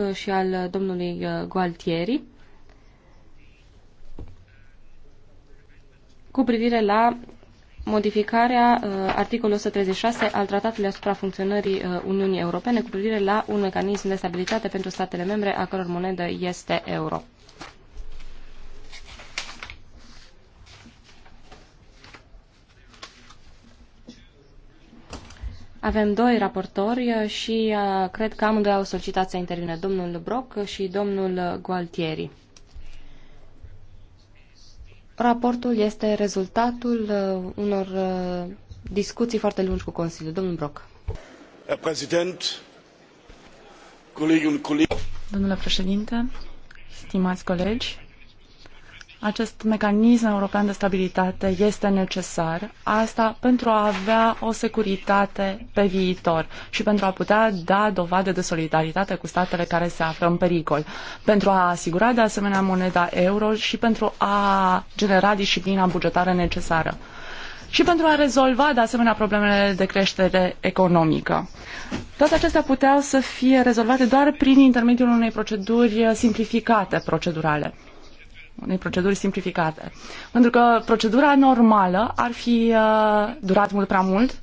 Uh, și al uh, domnului uh, Gualtieri cu privire la modificarea articolului 136 al Tratatului asupra funcționării Uniunii Europene cu privire la un mecanism de stabilitate pentru statele membre a căror monedă este euro. Avem doi raportori uh, și uh, cred că amândoi au solicitat să intervine domnul Broc și domnul Gualtieri. Raportul este rezultatul uh, unor discuții foarte lungi cu Consiliul. Domnul colegi. Domnule președinte, stimați colegi, acest mecanism european de stabilitate este necesar, asta pentru a avea o securitate pe viitor și pentru a putea da dovadă de solidaritate cu statele care se află în pericol, pentru a asigura de asemenea moneda euro și pentru a genera disciplina bugetară necesară și pentru a rezolva de asemenea problemele de creștere economică. Toate acestea puteau să fie rezolvate doar prin intermediul unei proceduri simplificate procedurale unei proceduri simplificate. Pentru că procedura normală ar fi uh, durat mult prea mult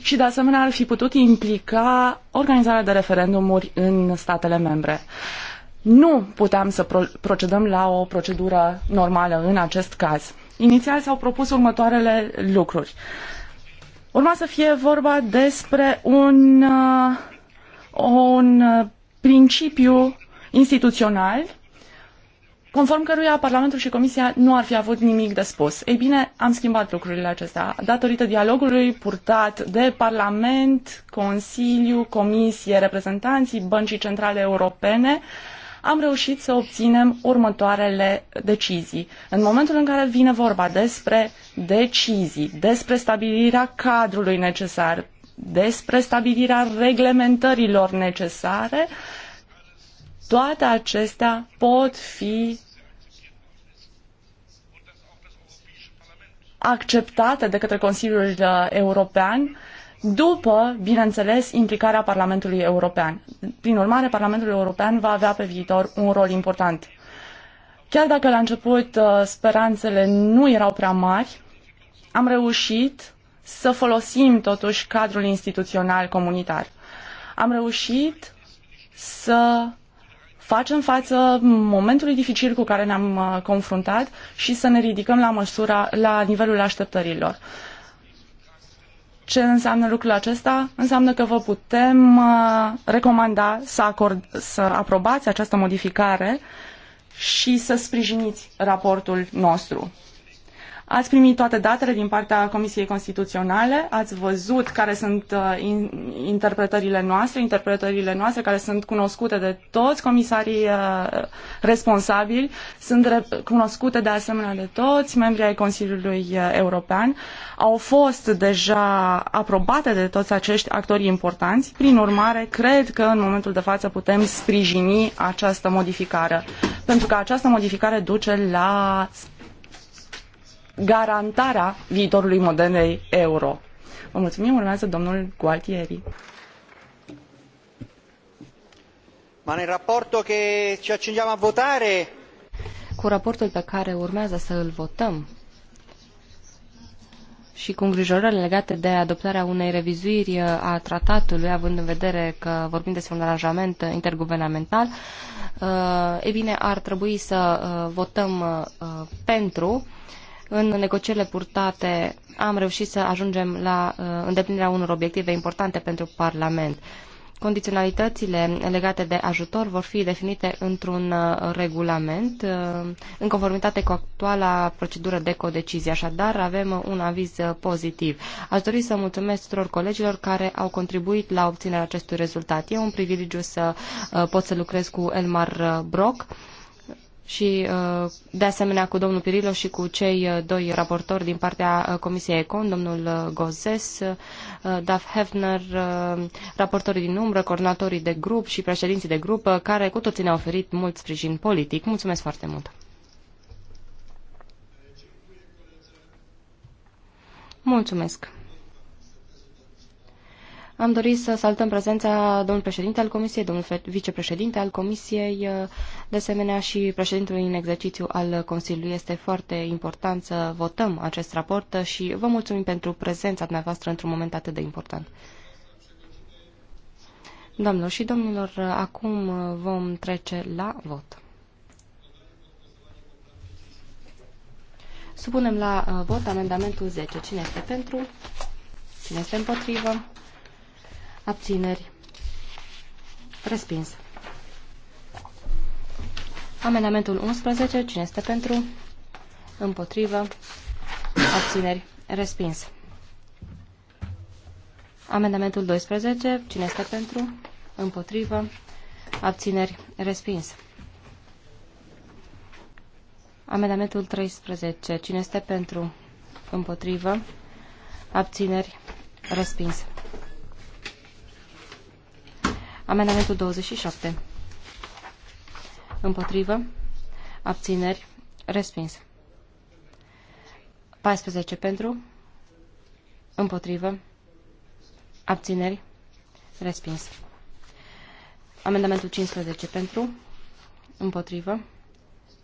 și de asemenea ar fi putut implica organizarea de referendumuri în statele membre. Nu puteam să pro- procedăm la o procedură normală în acest caz. Inițial s-au propus următoarele lucruri. Urma să fie vorba despre un, uh, un uh, principiu instituțional conform căruia Parlamentul și Comisia nu ar fi avut nimic de spus. Ei bine, am schimbat lucrurile acestea. Datorită dialogului purtat de Parlament, Consiliu, Comisie, reprezentanții Băncii Centrale Europene, am reușit să obținem următoarele decizii. În momentul în care vine vorba despre decizii, despre stabilirea cadrului necesar, despre stabilirea reglementărilor necesare, toate acestea pot fi acceptate de către Consiliul uh, European după, bineînțeles, implicarea Parlamentului European. Prin urmare, Parlamentul European va avea pe viitor un rol important. Chiar dacă la început uh, speranțele nu erau prea mari, am reușit să folosim totuși cadrul instituțional comunitar. Am reușit să facem față momentului dificil cu care ne-am uh, confruntat și să ne ridicăm la măsura, la nivelul așteptărilor. Ce înseamnă lucrul acesta? Înseamnă că vă putem uh, recomanda să, acord, să aprobați această modificare și să sprijiniți raportul nostru. Ați primit toate datele din partea Comisiei Constituționale, ați văzut care sunt uh, interpretările noastre, interpretările noastre care sunt cunoscute de toți comisarii uh, responsabili, sunt cunoscute de asemenea de toți membrii ai Consiliului uh, European, au fost deja aprobate de toți acești actori importanți, prin urmare, cred că în momentul de față putem sprijini această modificare, pentru că această modificare duce la garantarea viitorului modernei euro. Vă mulțumim, urmează domnul Gualtieri. Ma în a votare cu raportul pe care urmează să îl votăm și cu îngrijorările legate de adoptarea unei revizuiri uh, a tratatului, având în vedere că vorbim despre un aranjament interguvernamental, uh, e bine, ar trebui să uh, votăm pentru în negocierile purtate am reușit să ajungem la uh, îndeplinirea unor obiective importante pentru Parlament. Condiționalitățile legate de ajutor vor fi definite într-un uh, regulament uh, în conformitate cu actuala procedură de codecizie. Așadar, avem un aviz pozitiv. Aș dori să mulțumesc tuturor colegilor care au contribuit la obținerea acestui rezultat. E un privilegiu să pot să lucrez cu Elmar Brock și uh, de asemenea cu domnul Pirilo și cu cei uh, doi raportori din partea uh, Comisiei Econ, domnul Gozes, Daf Hefner, raportorii din umbră, coordonatorii de grup și președinții de grup, care cu toții ne-au oferit mult sprijin politic. Mulțumesc foarte mult! Mulțumesc! Am dorit să salutăm prezența domnului președinte al Comisiei, domnul vicepreședinte al Comisiei, uh, de asemenea și președintelui în exercițiu al Consiliului. Este foarte important să votăm acest raport și vă mulțumim pentru prezența dumneavoastră într-un moment atât de important. Doamnelor și domnilor, uh, acum uh, vom trece la vot. Supunem la vot amendamentul 10. Cine este pentru? Cine este împotrivă? Abțineri. Respins. Amendamentul 11. Cine este pentru? Împotrivă. Abțineri. Respins. Amendamentul 12. Cine este pentru? Împotrivă. Abțineri. Respins. Amendamentul 13. Cine este pentru? Împotrivă. Abțineri. Respins. Amendamentul 27. Împotrivă. Abțineri. Respins. 14 pentru. Împotrivă. Abțineri. Respins. Amendamentul 15 pentru. Împotrivă.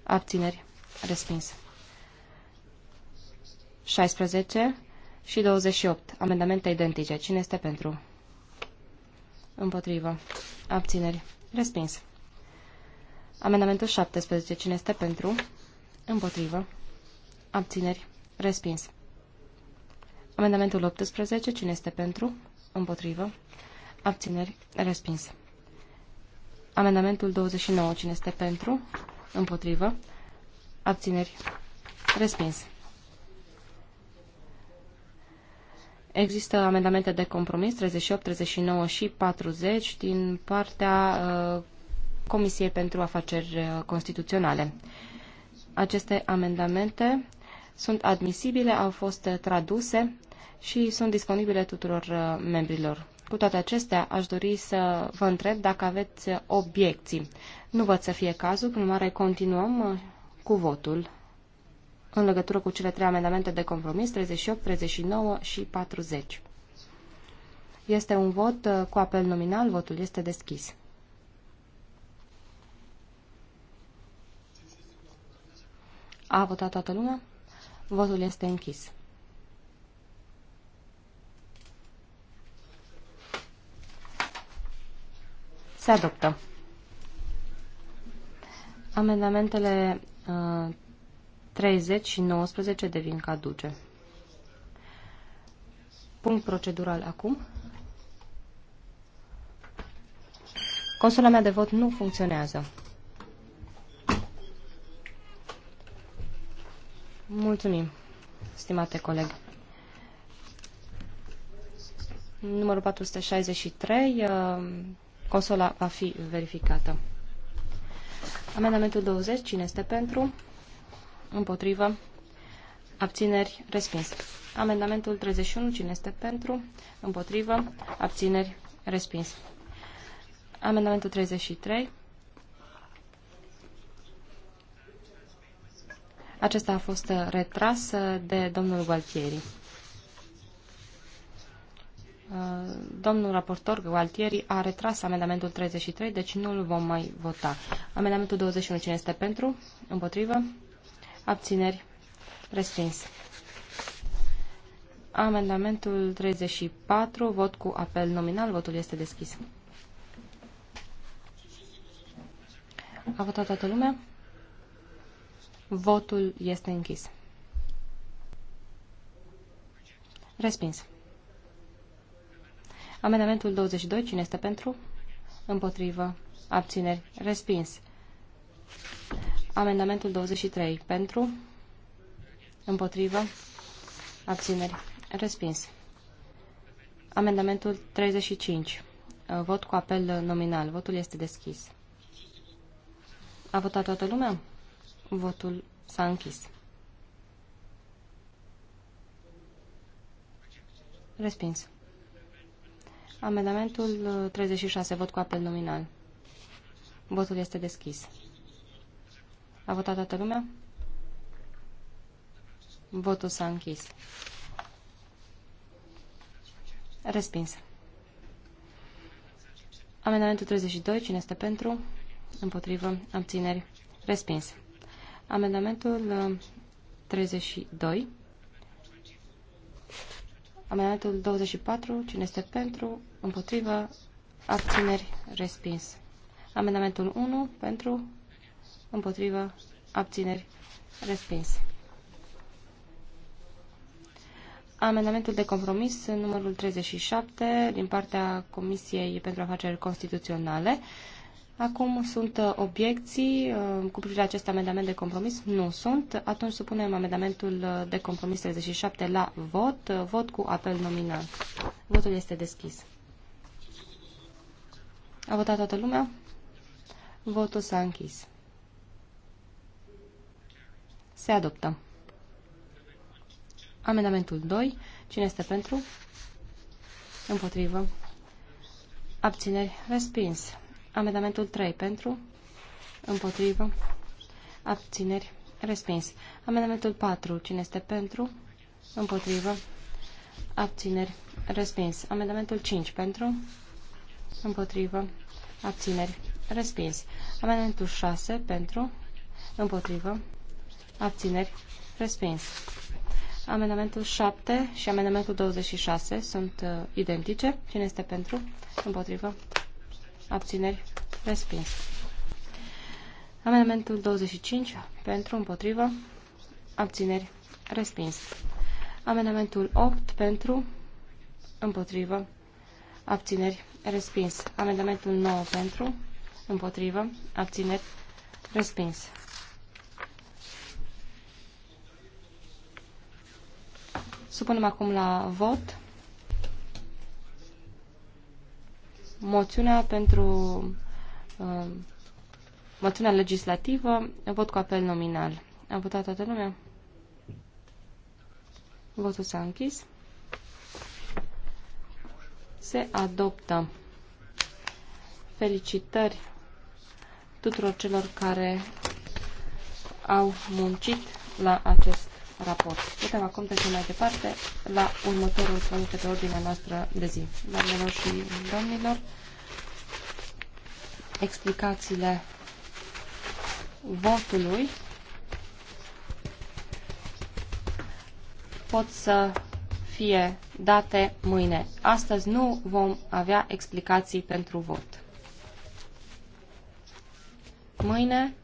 Abțineri. Respins. 16 și 28. Amendamente identice. Cine este pentru? Împotrivă. Abțineri. Respins. Amendamentul 17. Cine este pentru? Împotrivă. Abțineri. Respins. Amendamentul 18. Cine este pentru? Împotrivă. Abțineri. Respins. Amendamentul 29. Cine este pentru? Împotrivă. Abțineri. Respins. Există amendamente de compromis 38, 39 și 40 din partea uh, Comisiei pentru Afaceri uh, Constituționale. Aceste amendamente sunt admisibile, au fost uh, traduse și sunt disponibile tuturor membrilor. Cu toate acestea, aș dori să vă întreb dacă aveți obiecții. Nu văd să fie cazul, prin urmare continuăm cu votul în legătură cu cele trei amendamente de compromis, 38, 39 și 40. Este un vot uh, cu apel nominal, votul este deschis. A votat toată lumea? Votul este închis. Se adoptă. Amendamentele uh, 30 și 19 devin caduce. Punct procedural acum. Consola mea de vot nu funcționează. Mulțumim, stimate coleg. Numărul 463, uh, consola va fi verificată. Amendamentul 20, cine este pentru? Împotrivă. Abțineri. Respins. Amendamentul 31. Cine este pentru? Împotrivă. Abțineri. Respins. Amendamentul 33. Acesta a fost uh, retras uh, de domnul Gualtieri. Uh, domnul raportor Gualtieri a retras amendamentul 33, deci nu îl vom mai vota. Amendamentul 21, cine este pentru? Împotrivă? Abțineri. Respins. Amendamentul 34, vot cu apel nominal, votul este deschis. A votat toată lumea? Votul este închis. Respins. Amendamentul 22, cine este pentru? Împotrivă. Abțineri. Respins. Amendamentul 23. Pentru? Împotrivă? Abțineri. Respins. Amendamentul 35. Uh, vot cu apel nominal. Votul este deschis. A votat toată lumea? Votul s-a închis. Respins. Amendamentul 36. Vot cu apel nominal. Votul este deschis. A votat toată lumea? Votul s-a închis. Respins. Amendamentul 32. Cine este pentru? Împotrivă. Abțineri. Respins. Amendamentul 32. Uh, Amendamentul 24. Cine este pentru? Împotrivă. Abțineri. Respins. Amendamentul 1. Pentru împotrivă, abțineri, respins. Amendamentul de compromis numărul 37 din partea Comisiei pentru Afaceri Constituționale. Acum sunt obiecții uh, cu privire la acest amendament de compromis? Nu sunt. Atunci supunem amendamentul de compromis 37 la vot. Vot cu apel nominal. Votul este deschis. A votat toată lumea? Votul s-a închis. Se adoptă. Amendamentul 2. Cine este pentru? Împotrivă. Abțineri. Respins. Amendamentul 3. Pentru? Împotrivă. Abțineri. Respins. Amendamentul 4. Cine este pentru? Împotrivă. Abțineri. Respins. Amendamentul 5. Pentru? Împotrivă. Abțineri. Respins. Amendamentul 6. Pentru? Împotrivă abțineri, respins. Amendamentul 7 și amendamentul 26 sunt uh, identice. Cine este pentru? Împotrivă. Abțineri. Respins. Amendamentul 25. Pentru. Împotrivă. Abțineri. Respins. Amendamentul 8. Pentru. Împotrivă. Abțineri. Respins. Amendamentul 9. Pentru. Împotrivă. Abțineri. Respins. Supunem acum la vot moțiunea pentru uh, moțiunea legislativă, vot cu apel nominal. A votat toată lumea? Votul s-a închis. Se adoptă. Felicitări tuturor celor care au muncit la acest raport. Putem acum trece mai departe la următorul punct pe ordinea noastră de zi. Doamnelor și domnilor, explicațiile votului pot să fie date mâine. Astăzi nu vom avea explicații pentru vot. Mâine